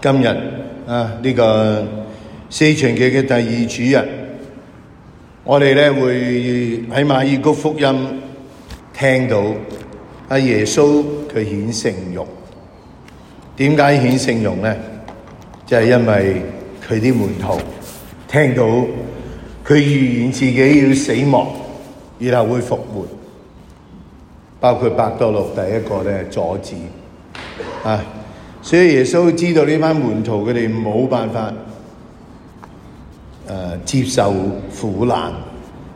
今日啊，呢個四旬期嘅第二主日，我哋呢會喺馬爾谷福音聽到阿耶穌佢顯聖容。點解顯聖容呢？就係因為佢啲門徒聽到佢預言自己要死亡，以後會復活。包括伯多祿第一個呢阻止啊。所以耶穌知道呢班門徒佢哋冇辦法，呃、接受苦難，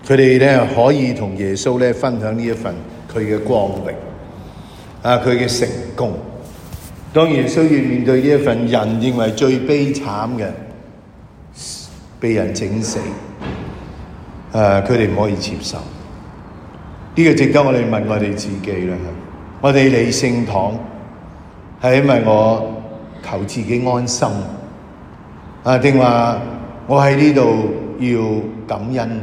佢哋可以同耶穌分享呢一份佢嘅光榮，啊，他佢嘅成功。當耶穌要面對呢一份人認為最悲慘嘅被人整死。啊，他佢哋唔可以接受。呢，呢個值得我哋問我哋自己啦，我哋嚟聖堂，係因為我求自己安心，啊定話我喺呢度要感恩，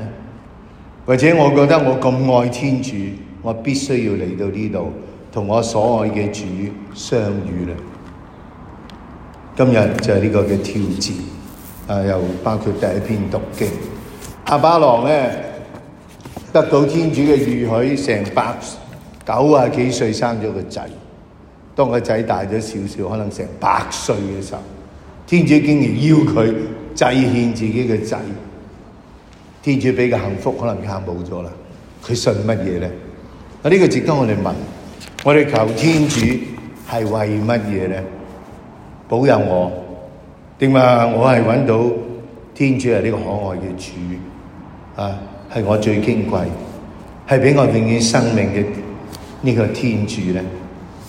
或者我覺得我咁愛天主，我必須要嚟到呢度同我所愛嘅主相遇。今日就係呢個嘅挑戰，啊又包括第一篇讀經，阿巴郎呢，得到天主嘅應許，成百九啊幾歲生咗個仔。當個仔大咗少少，可能成百歲嘅時候，天主竟然要佢祭獻自己嘅仔，天主俾嘅幸福可能一下冇咗啦。佢信乜嘢咧？啊、這、呢個值得我哋問，我哋求天主係為乜嘢咧？保佑我，定話我係揾到天主係呢個可愛嘅主啊，係我最矜貴，係俾我永遠生命嘅呢個天主咧？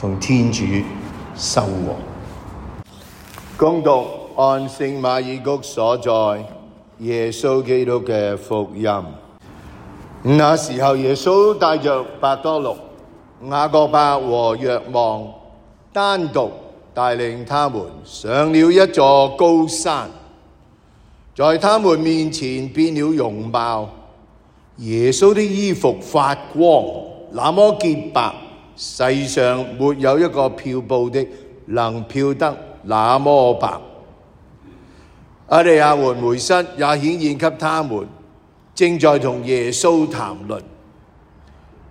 從天主收穫。公讀按聖馬爾谷所在耶穌基督嘅福音。那時候耶穌帶着伯多祿、雅各伯和若望，單獨帶領他們上了一座高山，在他們面前變了容貌，耶穌的衣服發光，那麼潔白。世上沒有一個漂布的能漂得那麼白。厄利亞和梅瑟也顯現給他們，正在同耶穌談論。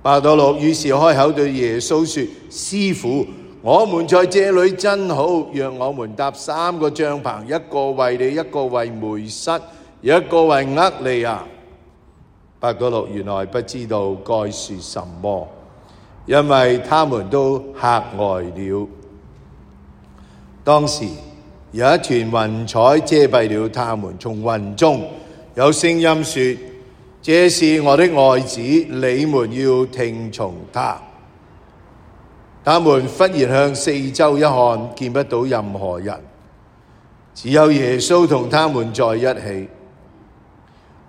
伯多祿於是開口對耶穌說：師父，我們在這裏真好，讓我們搭三個帳棚，一個為你，一個為梅瑟，一個為厄利亞。伯多祿原來不知道該說什麼。因為他們都吓呆了。當時有一團雲彩遮蔽了他們，從雲中有聲音說：這是我的愛子，你們要聽從他。他們忽然向四周一看，見不到任何人，只有耶穌同他們在一起。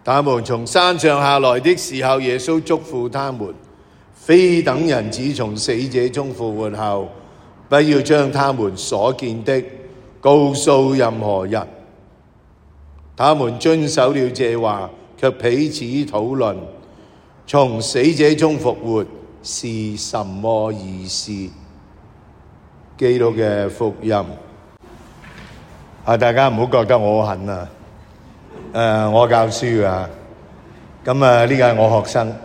他們從山上下來的時候，耶穌祝福他們。非等人子從死者中復活後，不要將他們所見的告訴任何人。他們遵守了這話，卻彼此討論從死者中復活是什麼意思。基督嘅福音啊，大家唔好覺得我狠啊！誒，我教書啊，咁啊呢個係我學生。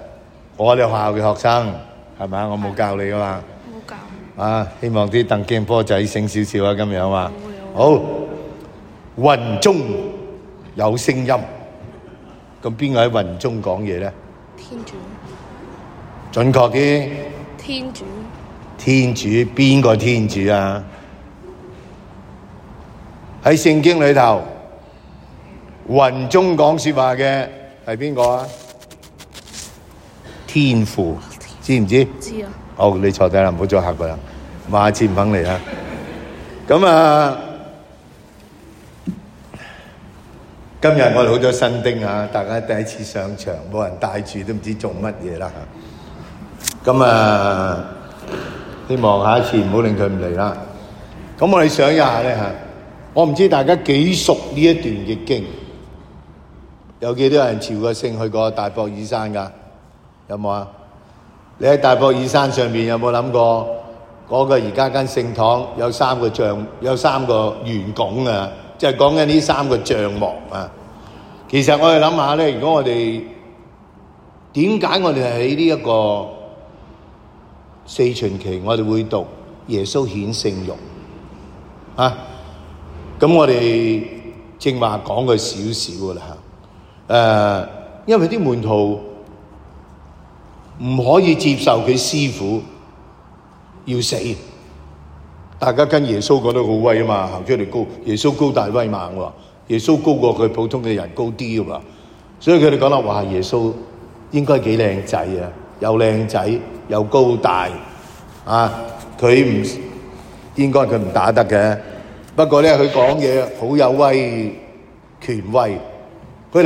我哋學校嘅學生係咪啊？我冇教你噶嘛，冇教啊！啊，希望啲鄧建波仔醒少少啊！今日啊嘛，好雲中有聲音，咁邊個喺雲中講嘢咧？天主，準確啲，天主，天主邊個天主啊？喺聖經裏頭，雲中講說話嘅係邊個啊？天父知唔知？知啊！哦，你坐低啦，唔好再吓佢。馬上唔肯嚟啦。咁啊，今日我哋好多新丁啊，大家第一次上場，冇人帶住，都唔知做乜嘢啦。咁啊，希望下一次唔好令佢唔嚟啦。咁我哋想一下咧嚇，我唔知大家幾熟呢一段嘅經，有幾多人朝過聖去過大博爾山噶？有冇啊？你喺大博爾山上面有冇諗過嗰個而家間聖堂有三個帳，有三個圓拱啊，即係講緊呢三個帳幕啊。其實我哋諗下咧，如果我哋點解我哋喺呢一個四旬期，我哋會讀耶穌顯聖容啊？咁我哋正話講過少少噶啦吓，誒，因為啲門徒。唔可以接受佢師傅要死，大家跟耶穌講得好威啊嘛，行出嚟高，耶穌高大威猛喎，耶穌高過佢普通嘅人高啲啊嘛，所以佢哋講啦，話耶穌應該幾靚仔啊，又靚仔又高大啊，佢唔應該佢唔打得嘅，不過咧佢講嘢好有威權威。佢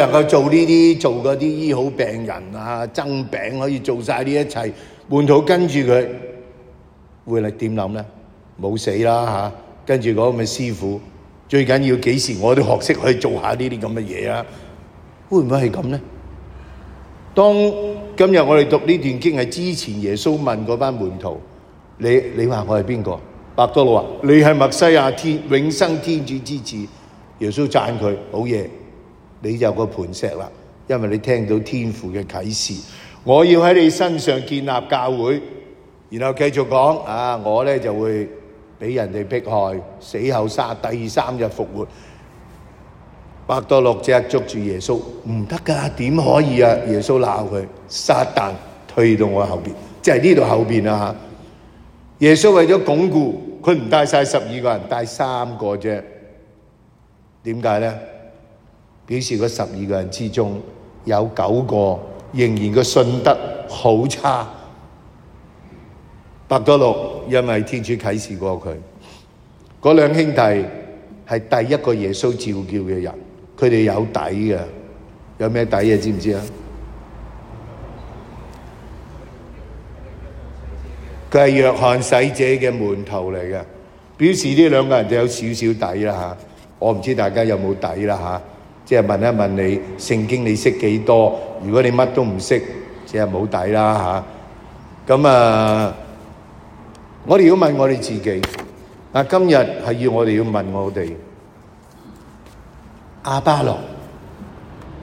你就個磐石啦，因為你聽到天父嘅啟示，我要喺你身上建立教會，然後繼續講啊，我咧就會俾人哋迫害，死後殺第三日復活，伯多祿就捉住耶穌唔得㗎，點可以啊？耶穌鬧佢，撒旦退到我後邊，即係呢度後邊啊！耶穌為咗鞏固，佢唔帶晒十二個人，帶三個啫，點解咧？表示嗰十二個人之中有九個仍然個信德好差。伯多祿因為天主啟示過佢，嗰兩兄弟係第一個耶穌召叫嘅人，佢哋有底嘅。有咩底啊？知唔知啊？佢係若翰洗者嘅門徒嚟嘅，表示呢兩個人就有少少底啦。嚇，我唔知大家有冇底啦、啊。嚇。即係問一問你，聖經你識幾多？如果你乜都唔識，即係冇底啦嚇。咁啊，我哋要問我哋自己，啊，今日係要我哋要問我哋亞巴郎，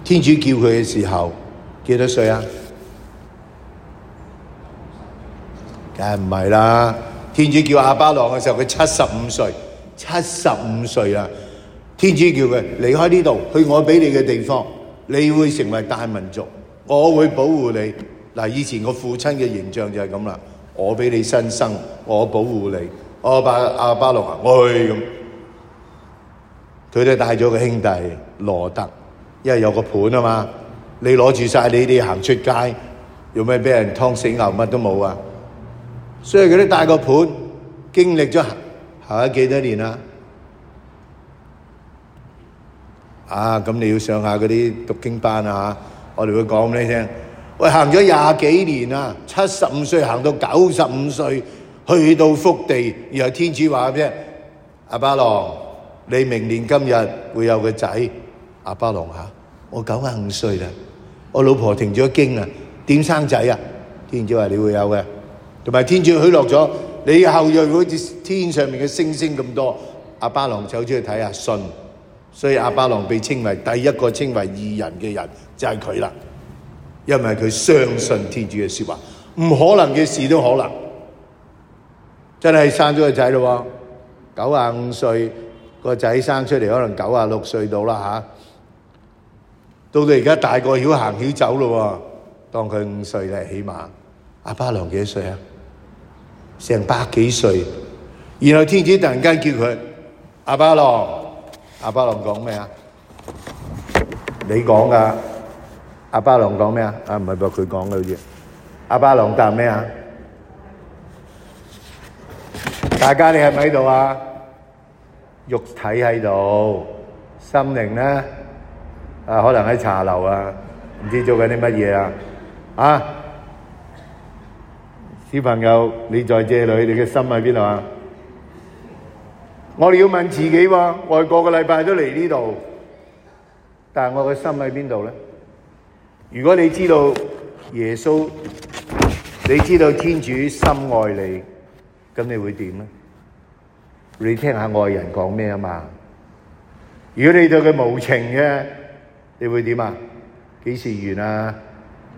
天主叫佢嘅時候幾多歲啊？梗係唔係啦？天主叫亞巴郎嘅時候，佢七十五歲，七十五歲啊！天主叫佢離開呢度，去我俾你嘅地方，你會成為大民族，我會保護你。嗱，以前我父親嘅形象就係咁啦。我俾你新生，我保護你。阿巴阿巴羅行我去咁，佢哋帶咗個兄弟羅德，因為有個盤啊嘛。你攞住曬你啲行出街，做咩俾人劏死牛，乜都冇啊？所以佢哋帶個盤，經歷咗下下幾多年啦。啊，咁你要上下嗰啲讀經班啊，我哋會講俾你聽。喂，行咗廿幾年啦，七十五歲行到九十五歲，去到福地，然後天主話俾你聽。阿巴郎，你明年今日會有個仔。阿巴郎嚇，我九廿五歲啦，九十五歲，我老婆停咗經啊，點生仔啊？天主話你會有嘅，同埋天主許諾咗，你後裔會好似天上面嘅星星咁多。阿巴郎走出去睇下，信。所以阿巴郎被稱為第一個稱為義人嘅人，就係佢啦。因為佢相信天主嘅說話，唔可能嘅事都可能。真係生咗個仔咯，九十五歲個仔生出嚟，可能九十六歲到啦吓。到到而家大個曉行曉走咯，當佢五歲咧，起碼，阿巴郎幾歲啊？成百幾歲。然後天主突然間叫佢阿巴郎。阿巴郎講咩？你講㗎？阿巴郎講咩？Ah，唔係，佢講嘅好似。阿巴郎答咩？大家，你係咪喺度？肉體喺度？心靈呢？我哋要問自己喎，我係個個禮拜都嚟呢度，但係我嘅心喺邊度咧？如果你知道耶穌，你知道天主深愛你，咁你會點咧？你聽下外人講咩啊嘛？如果你對佢無情嘅，你會點啊？幾時完啊？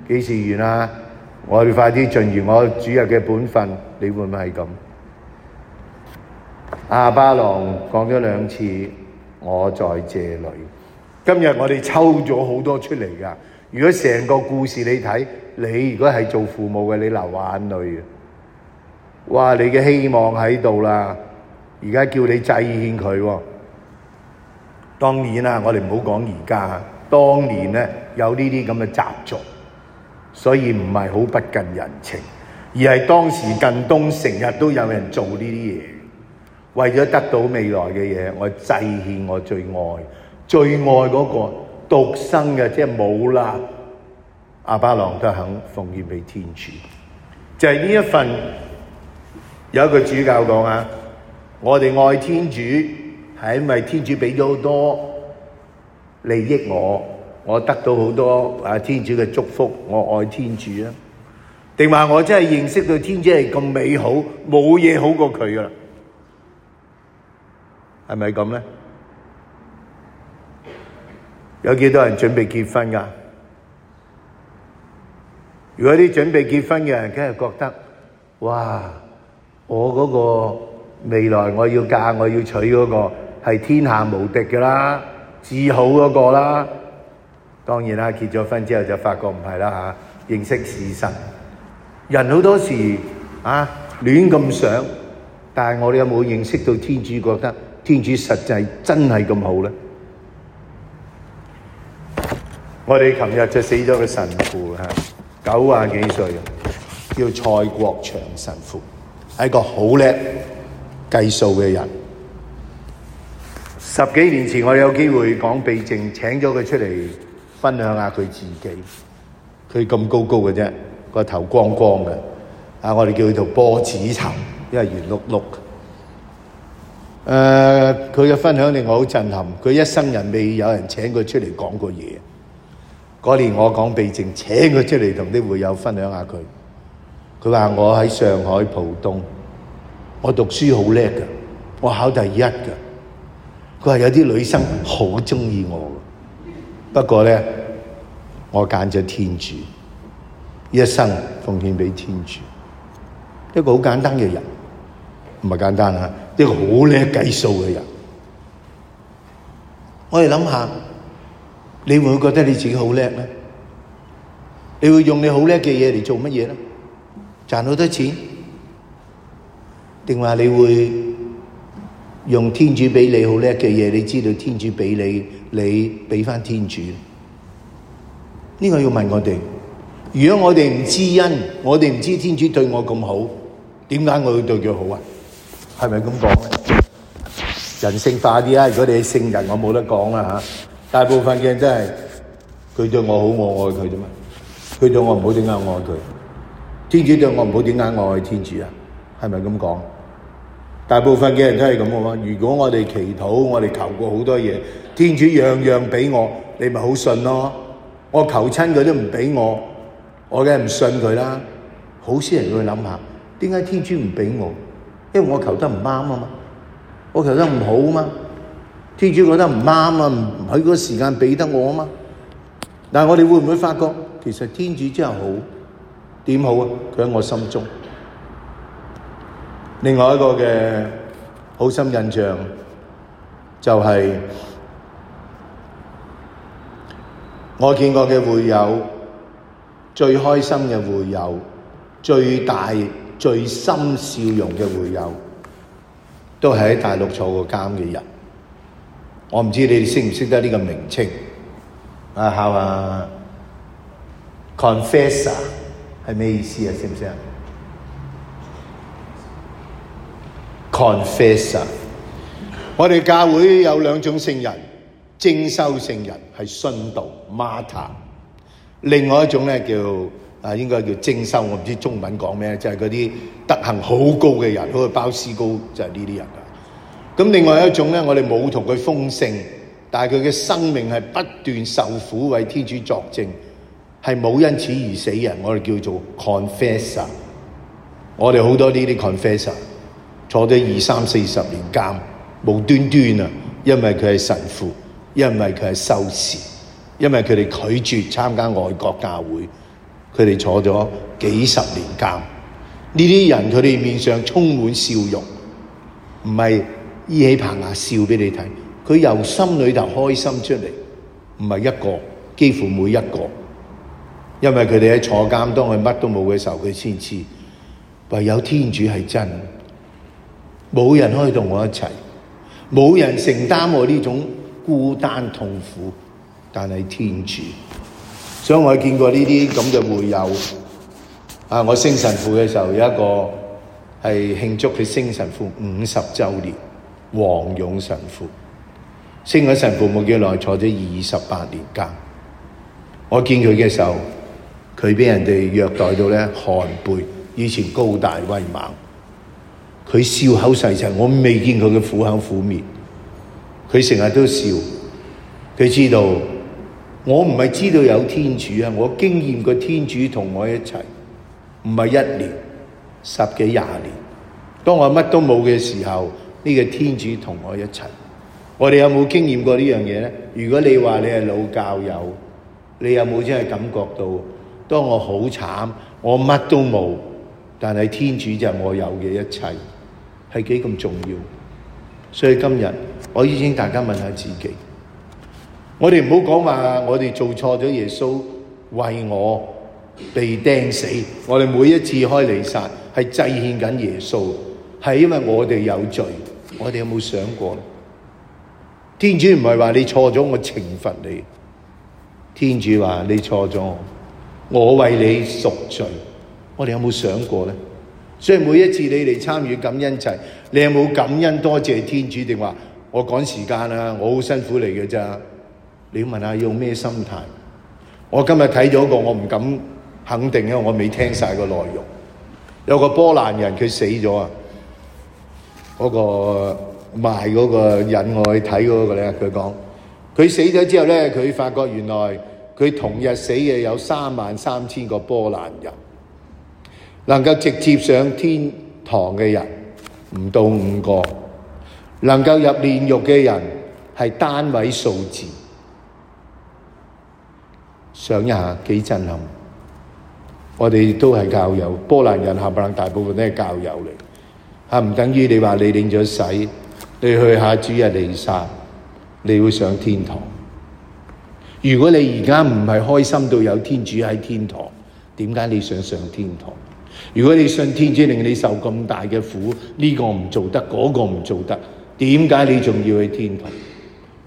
幾時完啊？我哋快啲盡完我主日嘅本分，你會唔會係咁？阿、啊、巴郎講咗兩次，我在這裡。今日我哋抽咗好多出嚟㗎。如果成個故事你睇，你如果係做父母嘅，你流眼淚呀。哇！你嘅希望喺度啦，而家叫你祭獻佢。當然啦，我哋唔好講而家。當年咧有呢啲咁嘅習俗，所以唔係好不近人情，而係當時近東成日都有人做呢啲嘢。為咗得到未來嘅嘢，我祭獻我最愛、最愛嗰個獨生嘅，即係冇啦。阿巴郎都肯奉獻俾天主，就係呢一份。有一個主教講：啊，我哋愛天主係因為天主俾咗好多利益我，我得到好多啊天主嘅祝福，我愛天主啦。定話我真係認識到天主係咁美好，冇嘢好過佢噶啦。係咪咁咧？有幾多人準備結婚噶？如果啲準備結婚嘅人，梗係覺得，哇！我嗰個未來我要嫁我要娶嗰個係天下無敵噶啦，至好嗰個啦。當然啦，結咗婚之後就發覺唔係啦吓，認識事實。人好多時啊，亂咁想，但係我哋有冇認識到天主覺得？天主實際真係咁好咧？我哋琴日就死咗個神父嚇，九啊幾歲，叫蔡國祥神父，係一個好叻計數嘅人。十幾年前我有機會講避靜，請咗佢出嚟分享下佢自己。佢咁高高嘅啫，個頭光光嘅。啊，我哋叫佢做波子頭，因為圓碌碌。誒、呃，佢嘅分享令我好震撼。佢一生人未有人請佢出嚟講過嘢。嗰年我講避靜，請佢出嚟同啲會友分享下佢。佢話：我喺上海浦東，我讀書好叻㗎，我考第一㗎。佢話有啲女生好鍾意我㗎，不過咧，我揀咗天主，一生奉獻畀天主。一個好簡單嘅人，唔係簡單啊！一個好叻計數嘅人，我哋諗下，你會唔會覺得你自己好叻咧？你會用你好叻嘅嘢嚟做乜嘢咧？賺好多錢，定話你會用天主俾你好叻嘅嘢？你知道天主俾你，你俾返天主。呢個要問我哋。如果我哋唔知恩，我哋唔知天主對我咁好，點解我要對佢好啊？係咪咁講？人性化啲啦，如果你係聖人，我冇得講啦吓。大部分嘅人真係佢對我好，我愛佢啫嘛。佢對我唔好，點解我愛佢？天主對我唔好，點解我愛天主啊？係咪咁講？大部分嘅人都係咁噶嘛。如果我哋祈禱，我哋求過好多嘢，天主樣樣畀我，你咪好信咯。我求親佢都唔畀我，我梗係唔信佢啦。好少人會諗下，點解天主唔畀我？因為我求得唔啱啊嘛，我求得唔好啊嘛，天主覺得唔啱啊，唔喺嗰個時間俾得我啊嘛。但係我哋會唔會發覺，其實天主真係好，點好啊？佢喺我心中。另外一個嘅好深印象，就係我見過嘅會友最開心嘅會友，最大。最深笑容的會友都喺大陸坐過監嘅人。我唔知你哋識唔識得呢個名稱。啊 Confessor 係咩意思啊？識唔識啊？Confessor，我哋教會有兩種聖人，精修聖人係信道，Marta。另外一種呢，叫啊，應該叫精修，我唔知中文講咩，就係嗰啲德行好高嘅人，嗰個鮑思高就係呢啲人啊。咁另外一種咧，我哋冇同佢封聖，但係佢嘅生命係不斷受苦，為天主作證，係冇因此而死人。我哋叫做 confessor。我哋好多呢啲 confessor 坐咗二三四十年監，無端端啊，因為佢係神父，因為佢係修士，因為佢哋拒絕參加外國教會。佢哋坐咗幾十年監，呢啲人佢哋面上充滿笑容，唔係依起棚牙笑俾你睇，佢由心裏頭開心出嚟，唔係一個，幾乎每一個，因為佢哋喺坐監當佢乜都冇嘅時候，佢先知道唯有天主係真，冇人可以同我一齊，冇人承擔我呢種孤單痛苦，但係天主。.所以我見過呢啲咁嘅會友啊！我升神父嘅時候有一個係慶祝佢升神父五十周年，黃勇神父升咗神父冇幾耐，坐咗二十八年監。我見佢嘅時候，佢俾人哋虐待到呢寒背，以前高大威猛，佢笑口噬噬，我未見佢嘅苦口苦面，佢成日都笑，佢知道。我唔係知道有天主啊，我經驗過天主同我一齊，唔係一年，十幾廿年。當我乜都冇嘅時候，呢個天主同我一齊。我哋有冇經驗過呢樣嘢呢？如果你話你係老教友，你有冇真係感覺到？當我好慘，我乜都冇，但係天主就係我有嘅一切，係幾咁重要。所以今日我邀請大家問下自己。我哋唔好講話，我哋做錯咗，耶穌為我被釘死。我哋每一次開彌撒，係祭獻緊耶穌，係因為我哋有罪。我哋有冇想過呢？天主唔係話你錯咗，我懲罰你。天主話你錯咗，我為你贖罪。我哋有冇想過呢？所以每一次你嚟參與感恩祭，你有冇感恩多謝天主？定話我趕時間啊！我好辛苦嚟嘅咋？你問下用咩心態？我今日睇咗個，我唔敢肯定，因為我未聽晒個內容。有個波蘭人佢死咗啊，嗰個賣嗰個人我去睇嗰個咧，佢講佢死咗之後咧，佢發覺原來佢同日死嘅有三萬三千個波蘭人，能夠直接上天堂嘅人唔到五個，能夠入煉獄嘅人係單位數字。想一下幾震撼！我哋都係教友，波蘭人、冚唪唥大部分都係教友嚟嚇，唔等於你話你領咗洗，你去下主日彌撒，你會上天堂。如果你而家唔係開心到有天主喺天堂，點解你想上天堂？如果你信天主令你受咁大嘅苦，呢個唔做得，嗰個唔做得，點解你仲要去天堂？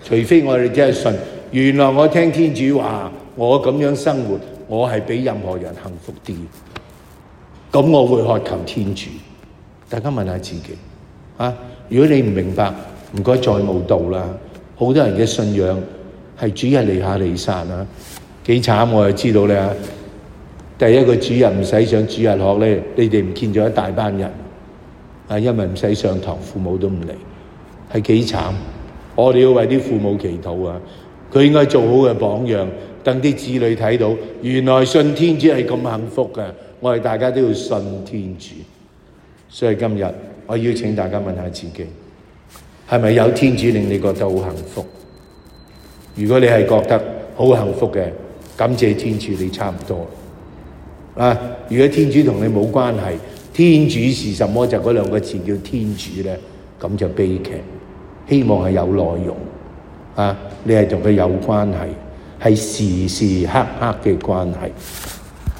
除非我哋真係信，原來我聽天主話。我咁樣生活，我係比任何人幸福啲。咁我會渴求天主。大家問下自己，啊，如果你唔明白，唔該再冇道啦。好多人嘅信仰係主日離下離散啊，幾慘，我就知道咧。第一個主日唔使上主日學咧，你哋唔見咗一大班人啊，因為唔使上堂，父母都唔嚟，係幾慘。我哋要為啲父母祈禱啊，佢應該做好嘅榜樣。等啲子女睇到，原來信天主係咁幸福嘅，我哋大家都要信天主。所以今日我邀請大家問下自己，係咪有天主令你覺得好幸福？如果你係覺得好幸福嘅，感謝天主你差唔多。啊，如果天主同你冇關係，天主是什麼？就嗰兩個字叫天主咧，咁就悲劇。希望係有內容啊，你係同佢有關係。係時時刻刻嘅關係。